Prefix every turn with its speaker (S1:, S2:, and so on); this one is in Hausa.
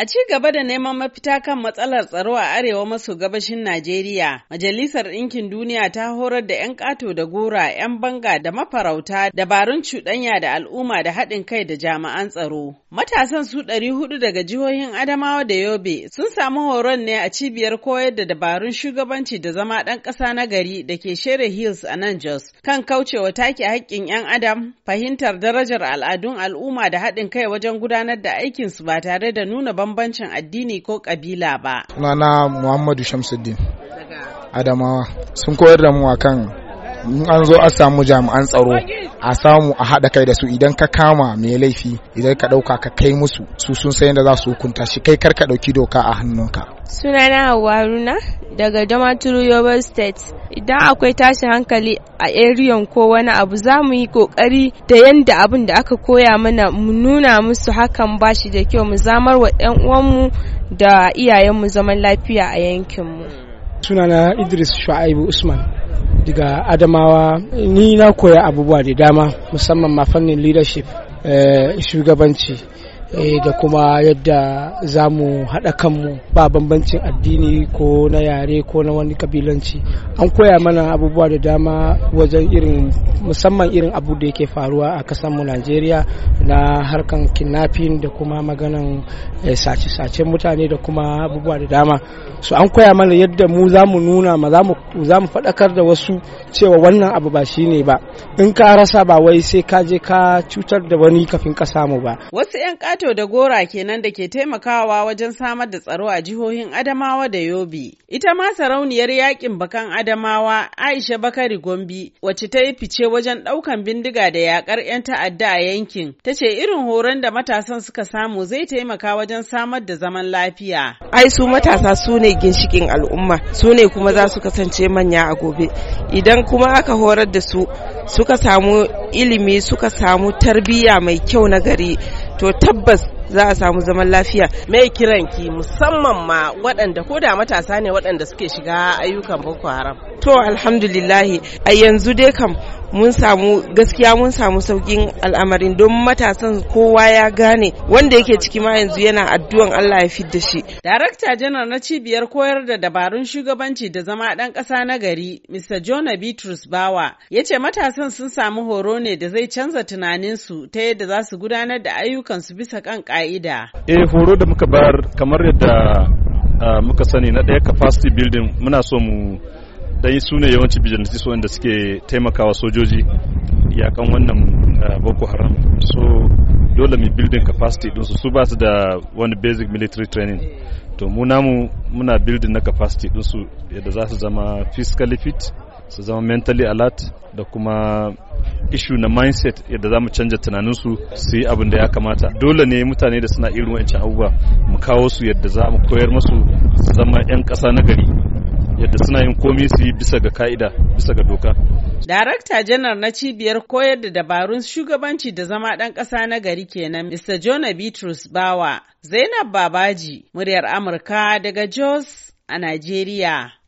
S1: A ci gaba da neman mafita kan matsalar tsaro a arewa maso gabashin Najeriya, Majalisar Ɗinkin Duniya ta horar da 'yan ƙato da gora, 'yan banga da mafarauta, dabarun cuɗanya da al'umma da haɗin kai da jami'an tsaro. Matasan su ɗari hudu daga jihohin Adamawa da Yobe sun samu horon ne a cibiyar koyar da dabarun shugabanci da zama ɗan ƙasa na gari da ke Shere Hills a nan Jos kan kaucewa take haƙƙin 'yan adam, fahimtar darajar al'adun al'umma da haɗin kai wajen gudanar da aikinsu ba tare da nuna bambancin addini ko kabila ba.
S2: Sunana Muhammadu Shamsuddin Adamawa sun koyar da mu akan in an zo a samu jami'an tsaro a samu a haɗa kai da su idan ka kama mai laifi idan ka ɗauka ka kai musu su sun san yadda za su hukunta shi kai kar ka ɗauki doka a hannunka.
S3: Sunana Haruna daga Damaturu Yobe State. idan akwai tashin hankali a ariyan ko wani abu za mu yi kokari da yadda abin da aka koya mana mu nuna musu hakan ba shi da kyau mu zamar wa 'yan uwanmu da iyayenmu zaman lafiya a yankinmu
S2: sunana idris shu'aibu usman daga adamawa ni na koya abubuwa da dama musamman ma fannin leadership eh, shugabanci Eh, da kuma yadda za mu haɗa kanmu ba bambancin addini ko na yare ko na wani kabilanci an koya mana abubuwa da dama wajen irin musamman irin abu da yake faruwa a mu najeriya na harkan kidnapping da kuma maganan eh, sace-sace mutane da kuma abubuwa da dama so an koya mana yadda mu za mu nuna ma za mu faɗakar da wasu cewa wannan abu ba shi ne ba in ka rasa ba wai sai ka je ka cutar da wani kafin ka samu ba
S1: wasu 'yan Kato da gora kenan da ke taimakawa wajen samar da tsaro a jihohin Adamawa da Yobe. Ita ma sarauniyar yakin bakan Adamawa Aisha Bakari Gombi wacce ta yi fice wajen ɗaukan bindiga da yakar 'yan ta'adda a yankin. Ta ce irin horon da matasan suka samu zai taimaka wajen samar da zaman lafiya.
S3: Ai su matasa su ne ginshikin al'umma, su ne kuma za su kasance manya a gobe. Idan kuma aka horar da su suka samu ilimi suka samu tarbiyya mai kyau na gari to tabbas za a samu zaman lafiya mai kiranki
S1: musamman ma waɗanda ko da matasa ne waɗanda suke shiga ayyukan boko
S3: haram to alhamdulillahi a yanzu dai kam mun samu gaskiya mun samu saukin al'amarin don matasan kowa ya gane wanda yake ciki ma yanzu yana addu'an Allah ya fidda shi
S1: darakta janar na cibiyar koyar da dabarun shugabanci da zama ɗan ƙasa na gari mr jona bitrus bawa ya ce matasan sun samu horo ne da zai canza tunaninsu ta yadda za su gudanar da ayyukansu bisa kan ka'ida
S4: eh horo da muka bayar kamar yadda ah, muka sani na ɗaya capacity building muna so mu dan su ne yawanci bijirnati su wanda suke taimakawa sojoji yakan wannan ah, boko haram so dole mu building capacity din su su ba su da wani basic military training to mu namu muna building na capacity din su yadda za su zama physically fit su zama mentally alert da kuma ishu na mindset yadda za mu canja tunaninsu su yi abin da ya kamata dole ne mutane da suna irin wancan abubuwa mu kawo su yadda za mu koyar masu zama 'yan ƙasa na gari yadda suna yin komi su yi bisa ga ka'ida bisa ga doka.
S1: Darakta janar na cibiyar koyar da dabarun shugabanci da zama ɗan ƙasa na gari kenan Mr. Jonah Bitrus Bawa, Zainab Babaji, muryar Amurka daga Jos a Najeriya.